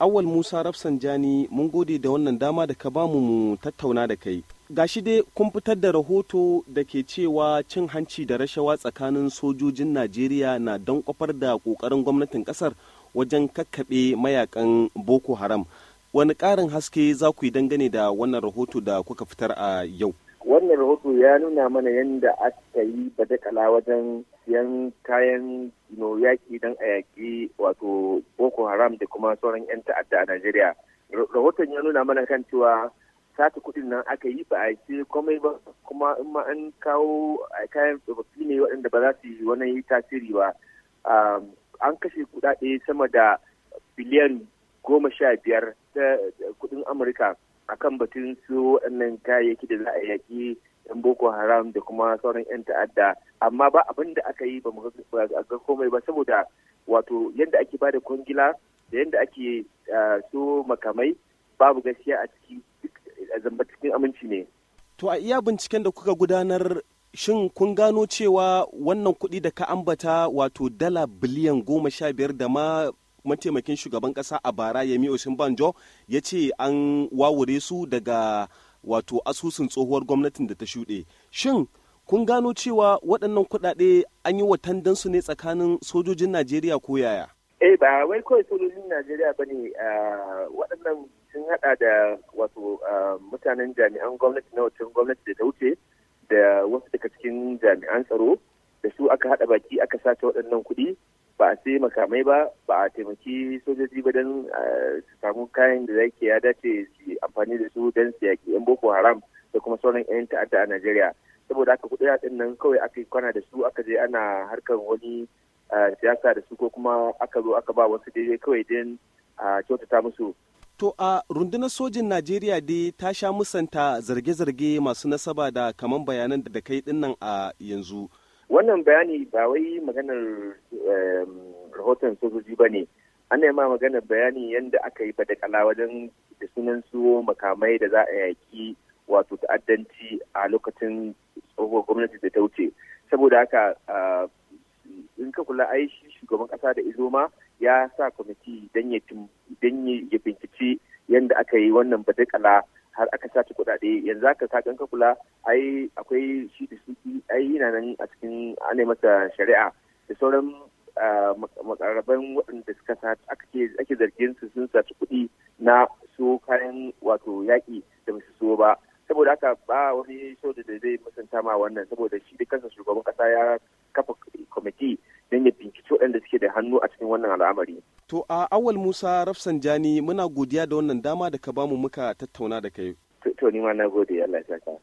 Awal Musa Rafsanjani mun gode da wannan dama da ka bamu mu tattauna da kai. Gashi dai kun fitar da rahoto da ke cewa cin hanci da rashawa tsakanin sojojin Najeriya na don kwafar da ƙoƙarin gwamnatin ƙasar wajen kakkaɓe mayakan Boko Haram. Wani ƙarin haske za ku yi dangane da wannan rahoto da kuka fitar a yau? wannan rahoto ya nuna mana yadda aka yi badakala wajen siyan kayan yaki don a yaki wato boko haram da kuma sauran 'yan ta'adda a najeriya rahoton ya nuna mana kan cewa sata kudin nan aka yi ba a ce komai ba kuma in ma an kawo kayan tsofaffi ne waɗanda ba za su yi wani tasiri ba an kashe kudade sama da biliyan goma sha biyar ta kudin amurka akan batun su wannan kayayyaki da za a yaki yan boko haram da kuma sauran yan ta'adda amma ba abin da aka yi ba mu ga komai ba saboda wato yadda ake ba da kwangila da yadda ake so makamai babu gaskiya a ciki zamba cikin aminci ne. To a iya binciken da kuka gudanar shin kun gano cewa wannan kuɗi da ka ambata wato dala biliyan goma sha biyar da ma mataimakin shugaban kasa a bara yemi banjo ya ce an wawure su daga wato asusun tsohuwar gwamnatin da ta shuɗe shin kun gano cewa waɗannan kuɗaɗe an yi wa su ne tsakanin sojojin najeriya ko yaya eh ba wai kawai sojojin najeriya ba ne waɗannan sun haɗa da wato mutanen jami'an gwamnati na wacce gwamnati da ta wuce da wasu daga cikin jami'an tsaro da su aka haɗa baki aka sace waɗannan kuɗi ba a sai makamai ba ba a taimaki sojoji ba don eh, su samu kayan da zai ya dace su amfani da su don su yaƙi yan boko haram da kuma sauran yan ta'adda a najeriya saboda aka kuɗi haɗin nan kawai aka kwana da su aka je ana harkar wani eh, siyasa da su ko kuma aka zo aka ba wasu daidai kawai don a kyautata musu To a rundunar sojin Najeriya dai ta sha musanta zarge-zarge masu nasaba da kaman bayanan da kai dinnan a yanzu. wannan bayani ba wai maganar rahoton sojoji ba ne ana ma maganar bayani yadda aka yi kala wajen da sunan su makamai da za a yaki wato ta'addanci a lokacin tsohuwar gwamnati da ta wuce saboda haka in ka kula aishi shugaban kasa da izoma ya sa kwamiti don ya binciki yadda aka yi wannan kala. har aka sace kuɗaɗe yanzu aka sa ka kula ai akwai shi da shi ai yana nan a cikin ana masa shari'a da sauran makarraban waɗanda suka sa ake zargin su sun sace kuɗi na so kayan wato yaƙi da musu so ba saboda haka ba wani so da zai musanta ma wannan saboda shi da kansa shugaban kasa ya kafa kwamiti don ya binciki waɗanda suke da hannu a cikin wannan al'amari. To a awal Musa Rafsanjani muna godiya da wannan dama da ka bamu muka tattauna da kai. To ni ma na gode Allah ya saka.